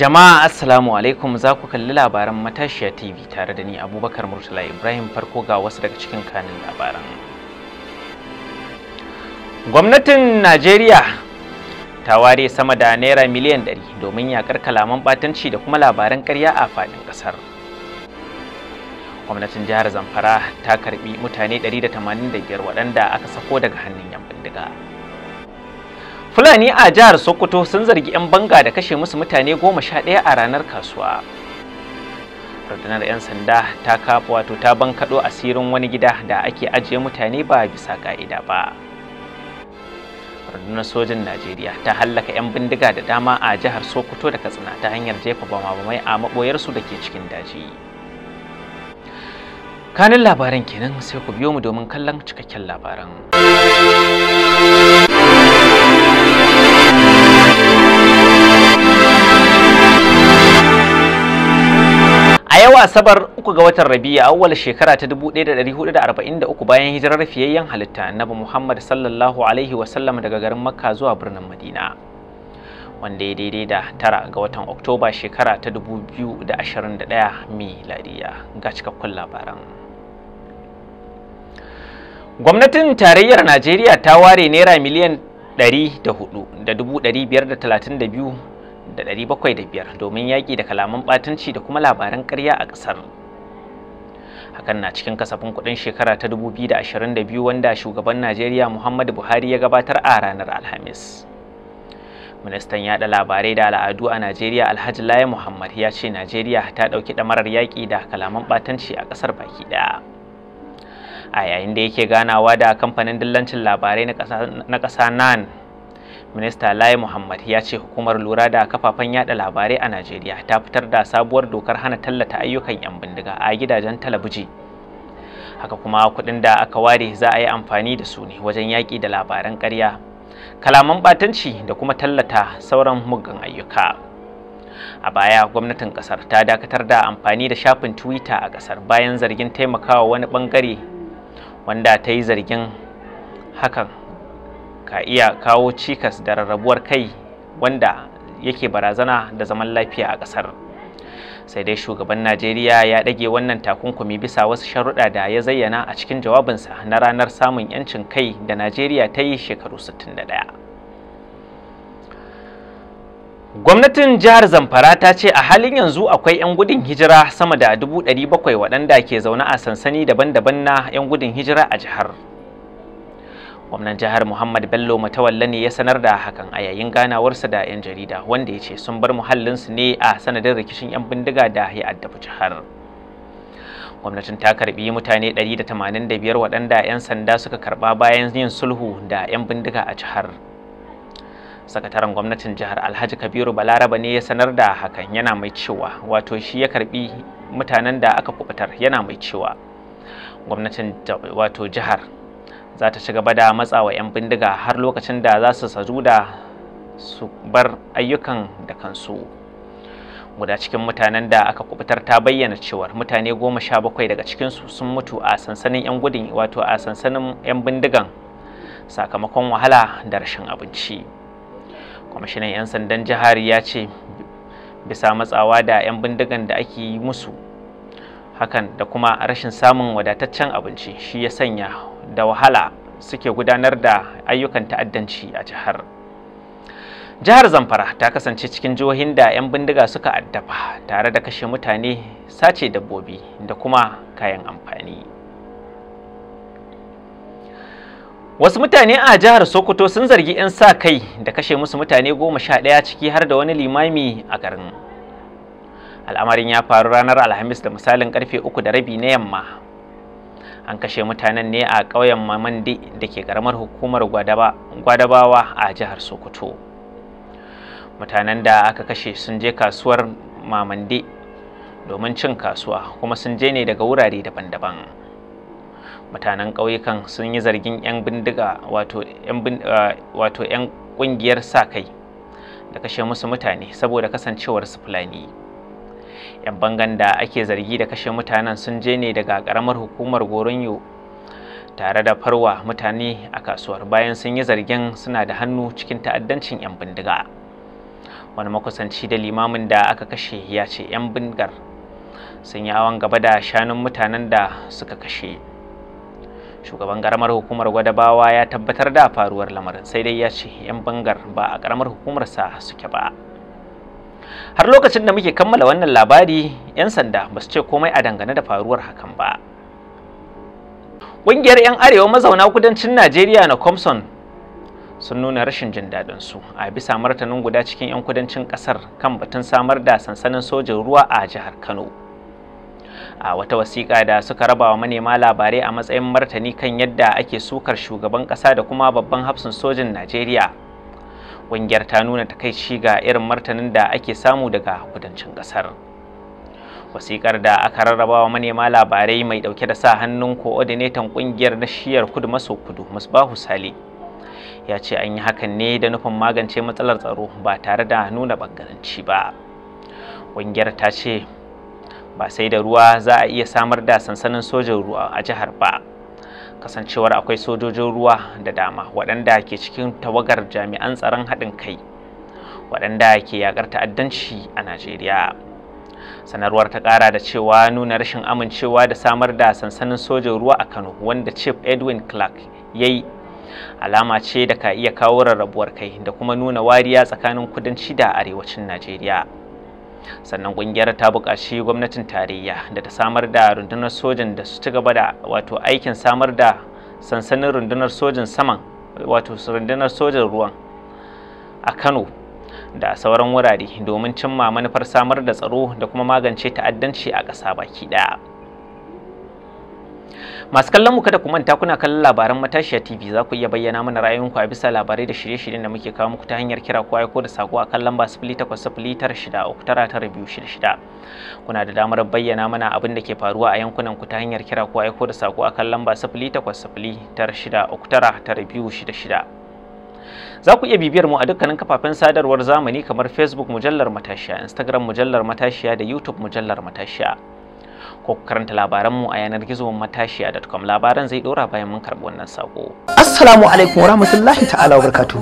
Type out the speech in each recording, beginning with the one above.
Jama'a Assalamu alaikum za ku kalli labaran Matashiya TV tare da ni Abubakar Murtala Ibrahim farko ga wasu daga cikin kanin labaran. Gwamnatin Najeriya ta ware sama da naira miliyan 100 domin yakar kalaman batanci da kuma labaran karya a faɗin ƙasar. Gwamnatin jihar Zamfara ta karbi mutane 185 waɗanda aka sako daga hannun 'yan bindiga. Fulani a jihar Sokoto sun zargi 'yan banga da kashe musu mutane goma sha ɗaya a ranar kasuwa. Rundunar 'yan sanda ta kafa wato ta bankaɗo asirin wani gida da ake ajiye mutane ba bisa ƙa'ida ba. Rundunar sojin Najeriya ta hallaka 'yan bindiga da dama a jihar Sokoto da Katsina ta hanyar jefa bama-bamai a maɓoyarsu da ke cikin daji. Kanin labaran kenan sai ku biyo mu domin kallon cikakken labaran. Asabar uku ga watan Rabi'a awwal shekara ta 1443 bayan hijirar fiyayyen halitta Annabi Muhammad sallallahu alaihi wasallam daga garin Makka zuwa birnin Madina. Wanda ya daidai da tara ga watan Oktoba shekara ta 2021 miladiya ga cikakkun labaran. Gwamnatin Tarayyar Najeriya ta ware Naira miliyan 100 da da ɗari bakwai da biyar domin yaƙi da kalaman ɓatanci da kuma labaran ƙarya a ƙasar. Hakan na cikin kasafin kuɗin shekara ta da da ashirin biyu wanda shugaban Najeriya Muhammadu Buhari ya gabatar a ranar Alhamis. Ministan yaɗa labarai da al'adu a Najeriya Alhaji Laye Muhammad ya ce Najeriya ta ɗauki ɗamarar yaƙi da kalaman ɓatanci a ƙasar baki ɗaya. A yayin da yake ganawa da kamfanin dillancin labarai na ƙasa NAN Minista Lai Muhammad ya ce hukumar lura da kafafen yada labarai a Najeriya ta fitar da sabuwar dokar hana tallata ayyukan 'yan bindiga a gidajen talabiji. Haka kuma kuɗin da aka ware za a yi amfani da su ne wajen yaƙi da labaran ƙarya, kalaman ɓatanci da kuma tallata sauran muggan ayyuka. A baya gwamnatin ƙasar ta dakatar da amfani da shafin Twitter a ƙasar bayan zargin taimakawa wani ɓangare wanda ta yi zargin hakan ka iya kawo cikas da rarrabuwar kai wanda yake barazana da zaman lafiya a ƙasar sai dai shugaban najeriya ya ɗage wannan takunkumi bisa wasu sharuɗa da ya zayyana a cikin jawabinsa na ranar samun 'yancin kai da najeriya ta yi shekaru 61 Gwamnatin jihar Zamfara ta ce a halin yanzu akwai 'yan gudun hijira sama da 700,000 waɗanda ke zaune a sansani daban-daban na 'yan gudun hijira a jihar. gwamnan jihar muhammad bello matawalla ne ya sanar da hakan a yayin ganawarsa da 'yan jarida wanda ya ce sun bar muhallinsu ne a sanadin rikicin 'yan bindiga da ya addabi jihar gwamnatin ta karbi mutane 185 waɗanda 'yan sanda suka karba bayan yin sulhu da 'yan bindiga a jihar sakataren gwamnatin jihar alhaji kabiru balaraba ne ya sanar da hakan yana mai cewa wato shi ya karbi mutanen da aka kubutar yana mai cewa gwamnatin wato jihar za ta ci gaba da matsawa 'yan bindiga har lokacin da za su sazu da su bar ayyukan da kansu guda cikin mutanen da aka kubutar ta bayyana cewar mutane goma sha bakwai daga cikinsu sun mutu a sansanin 'yan gudun wato a sansanin 'yan bindigan sakamakon wahala da rashin abinci kwamishinan 'yan sandan jihar ya ce bisa matsawa da 'yan bindigan da ake yi musu hakan da kuma rashin samun wadataccen abinci shi ya sanya da wahala suke gudanar da ayyukan ta'addanci a jihar jihar zamfara ta kasance cikin jihohin da 'yan bindiga suka addaba tare da kashe mutane sace dabbobi da kuma kayan amfani wasu mutane a jihar sokoto sun zargi 'yan sa kai da kashe musu mutane goma sha ɗaya ciki har da wani limami a garin al'amarin ya faru ranar alhamis da misalin karfe uku da rabi na yamma an kashe mutanen ne a ƙauyen mamandi da ke ƙaramar hukumar gwadabawa a jihar sokoto mutanen da aka kashe sun je kasuwar mamandi domin cin kasuwa kuma sun je ne daga wurare daban-daban mutanen ƙauyukan sun yi zargin 'yan bindiga wato 'yan eh, ƙungiyar sa kai da kashe musu mutane saboda kasancewar su fulani 'yan bangan da ake zargi da kashe mutanen sun je ne daga karamar hukumar goronyo tare da farwa mutane a kasuwar bayan sun yi zargin suna da hannu cikin ta'addancin 'yan bindiga wani makusanci da limamin da aka kashe ya ce 'yan bindigar sun yi awon gaba da shanun mutanen da suka kashe shugaban karamar hukumar gwadabawa ya tabbatar da faruwar lamarin sai dai ya ce 'yan bangar ba a karamar hukumarsa suke ba har lokacin da muke kammala wannan labari 'yan sanda ba su ce komai a dangane da faruwar hakan ba ƙungiyar 'yan arewa mazauna kudancin najeriya na comson sun nuna rashin jin daɗin su a bisa martanin guda cikin 'yan kudancin ƙasar kan batun samar da sansanin sojin ruwa a jihar kano a wata wasiƙa da suka raba wa manema labarai a matsayin martani kan yadda ake sukar shugaban ƙasa da kuma babban hafsin sojin najeriya ƙungiyar ta nuna takaici ga irin martanin da ake samu daga kudancin ƙasar Wasikar da aka rarraba wa manema labarai mai ɗauke da sa hannun coordinator ƙungiyar na shiyar kudu maso kudu musbahu sale ya ce an yi hakan ne da nufin magance matsalar tsaro ba tare da nuna bangaranci ba ƙungiyar ta ce ba sai da ruwa za a iya samar da sansanin sojin ruwa a jihar ba kasancewar akwai sojojin ruwa da dama waɗanda ke cikin tawagar jami'an tsaron haɗin kai waɗanda ke yaƙar ta'addanci a najeriya sanarwar ta ƙara da cewa nuna rashin amincewa da samar da sansanin sojin ruwa a kano wanda chief edwin clark ya yi alama ce da ka iya kawo rarrabuwar kai da kuma nuna wariya tsakanin kudanci da arewacin najeriya sannan kungiyar ta buƙaci gwamnatin tarayya da ta samar da rundunar sojan da su ci gaba da wato aikin samar da sansanin rundunar sojan saman wato rundunar sojan ruwan a kano da sauran wurare domin cimma manufar samar da tsaro da kuma magance ta'addanci a ƙasa baki ɗaya masu kallon mu kada ku manta kuna kallon labaran matashiya tv za ku iya bayyana mana ra'ayoyinku a bisa labarai da shirye-shiryen da muke kawo muku ta hanyar kira ko aiko da sako a kan lamba shida kuna da damar bayyana mana abin da ke faruwa a yankunan ku ta hanyar kira ko aiko da sako a kan lamba shida. Za ku iya bibiyar mu a dukkanin kafafen sadarwar zamani kamar Facebook mujallar matashiya, Instagram mujallar matashiya da YouTube mujallar matashiya. ko karanta labaranmu a yanar gizo matashi a com labaran zai dora bayan mun karɓi wannan sako. Assalamu alaikum warahmatullahi ta'ala wa barakatuh.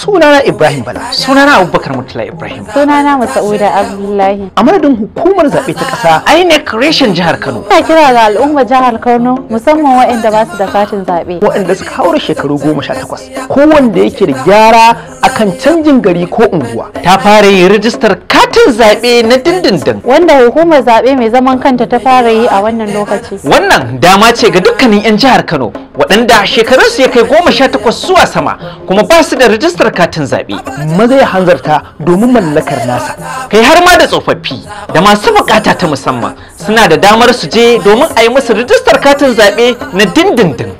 Sunana Ibrahim Bala. Sunana Abubakar Murtala Ibrahim. Sunana Masauda Abdullahi. A madadin hukumar zaɓe ta ƙasa INEC reshen jihar Kano. Ina kira ga al'ummar jihar Kano musamman waɗanda ba su da katin zaɓe. Waɗanda suka haura shekaru goma sha takwas. Kowanda yake da gyara akan canjin gari ko unguwa ta fara yin rijistar katin zaɓe na dindindin wanda hukumar zaɓe mai zaman kanta ta fara yi a wannan lokaci wannan dama ce ga dukkanin 'yan jihar kano waɗanda shekarunsu ya kai goma sha takwas zuwa sama kuma ba su da rijistar katin zaɓe maza ya hanzarta domin mallakar nasa kai har ma da tsofaffi da masu bukata ta musamman suna da damar su je domin a yi musu rijistar katin zaɓe na dindindin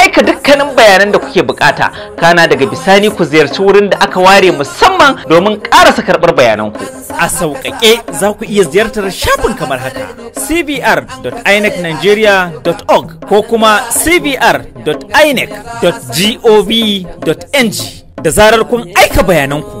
dukkanin bayanan da kuke bukata kana daga bisani ku ziyarci wurin da aka ware musamman domin karasa karbar bayananku a sauƙaƙe za ku iya ziyartar shafin kamar haka cbr.inecnigeria.org ko kuma cbr.inec.gov.ng da zarar kun aika bayananku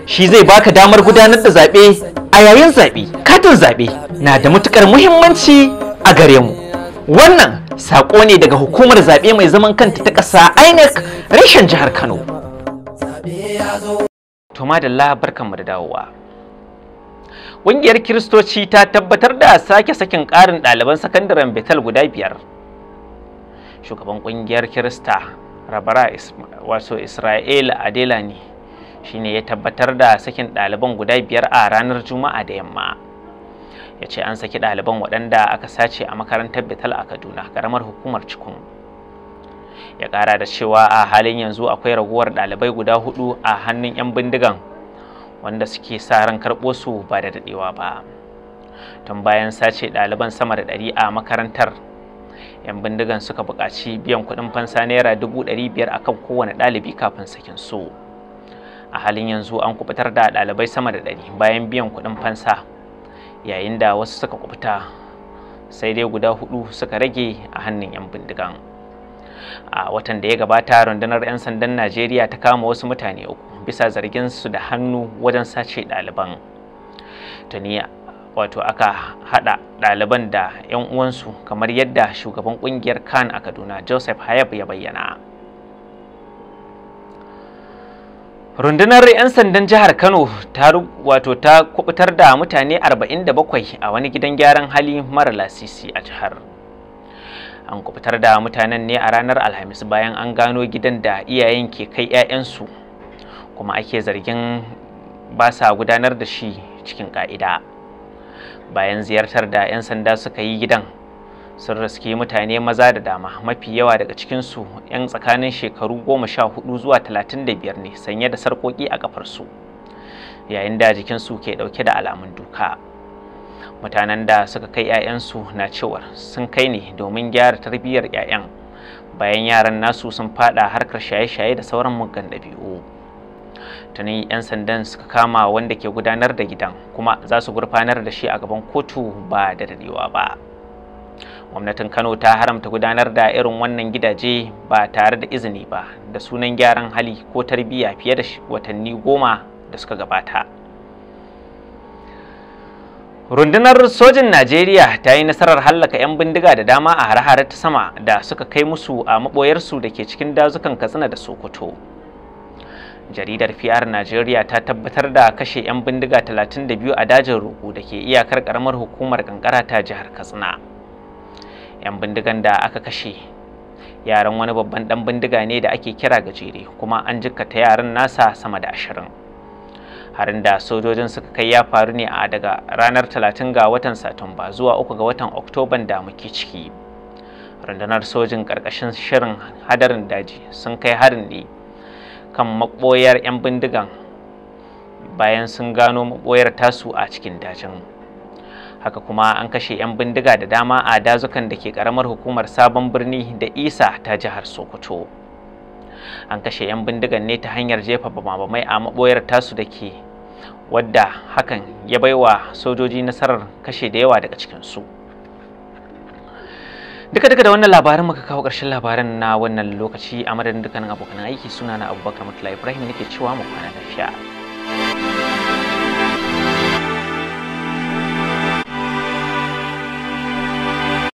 shi zai baka damar gudanar da zaɓe a yayin zaɓe katin zaɓe na da matukar muhimmanci a gare mu wannan saƙo ne daga hukumar zaɓe mai zaman kanta ta ƙasa inec reshen jihar kano to madalla barkanmu da dawowa ƙungiyar kiristoci ta tabbatar da sake sakin ƙarin ɗaliban sakandaren betel guda biyar shugaban ƙungiyar kirista rabara wato isra'ila adelani shine ya tabbatar da sakin ɗaliban guda biyar a ranar juma'a da yamma ya ce an saki ɗaliban waɗanda aka sace a makarantar Bital a kaduna karamar hukumar cikin ya ƙara da cewa a halin yanzu akwai raguwar ɗalibai guda hudu a hannun 'yan bindigan wanda suke sa ran karɓo su ba da daɗewa ba tun bayan sace ɗaliban sama da ɗari a makarantar 'yan bindigan suka buƙaci biyan kuɗin fansa naira dubu ɗari biyar akan kowane ɗalibi kafin sakin su. a halin yanzu an kubutar da dalibai sama da ɗari bayan biyan kuɗin fansa yayin da wasu suka kubuta sai dai guda hudu suka rage a hannun 'yan bindigan a watan da ya gabata rundunar 'yan sandan najeriya ta kama wasu mutane uku bisa zargin su da hannu wajen sace ɗaliban Tuniya, wato aka hada ɗaliban da 'yan uwansu kamar yadda shugaban kungiyar kan a kaduna joseph hayab ya bayyana rundunar 'yan sandan jihar kano ta wato ta kubutar da mutane 47 a wani gidan gyaran hali mara lasisi a jihar an kubutar da mutanen ne a ranar alhamis bayan an gano gidan da iyayen ke kai 'ya'yansu kuma ake zargin ba sa gudanar da shi cikin ƙa'ida, bayan ziyartar da 'yan sanda suka yi gidan sun raske mutane maza da dama mafi yawa daga cikinsu 'yan tsakanin shekaru 14 zuwa 35 ne sanye da sarƙoƙi a ƙafarsu yayin da jikinsu ke dauke da alamun duka mutanen da suka kai 'ya'yansu na cewar sun kai ne domin gyara tarbiyyar 'ya'yan bayan yaran nasu sun fada harkar shaye-shaye da sauran muggan ɗabi'u Tunin 'yan sandan suka kama wanda ke gudanar da gidan kuma za su gurfanar da shi a gaban kotu ba da darewa ba. gwamnatin kano ta haramta gudanar da irin wannan gidaje ba tare da izini ba da sunan gyaran hali ko tarbiyya fiye da watanni goma da suka gabata rundunar sojin najeriya ta yi nasarar hallaka 'yan bindiga da dama a hare-hare ta sama da suka kai musu a maɓoyarsu da ke cikin dazukan katsina da sokoto jaridar PR Najeriya ta tabbatar da kashe 'yan bindiga 32 a dajin roƙo da ke iyakar karamar hukumar kankara ta jihar Katsina. 'yan bindigan da aka kashe yaran wani babban dan bindiga ne da ake kira gajere kuma an jikkata yaran nasa sama da ashirin harin da sojojin suka kai ya faru ne a daga ranar 30 ga watan satumba zuwa 3 ga watan oktoban da muke ciki rundunar sojin karkashin shirin hadarin daji sun kai harin ne kan maboyar 'yan bindigan bayan sun gano maboyar tasu a cikin dajin haka kuma an kashe 'yan bindiga da dama a dazukan da ke karamar hukumar sabon birni da isa ta jihar sokoto an kashe 'yan bindigan ne ta hanyar jefa bamabamai a maboyar tasu da ke wadda hakan ya baiwa sojoji nasarar kashe da yawa daga cikinsu duka duka da wannan labarin muka kawo ƙarshen labarin na wannan lokaci a madadin dukkanin abokan aiki suna na abubakar mutula ibrahim nake cewa mu kwana lafiya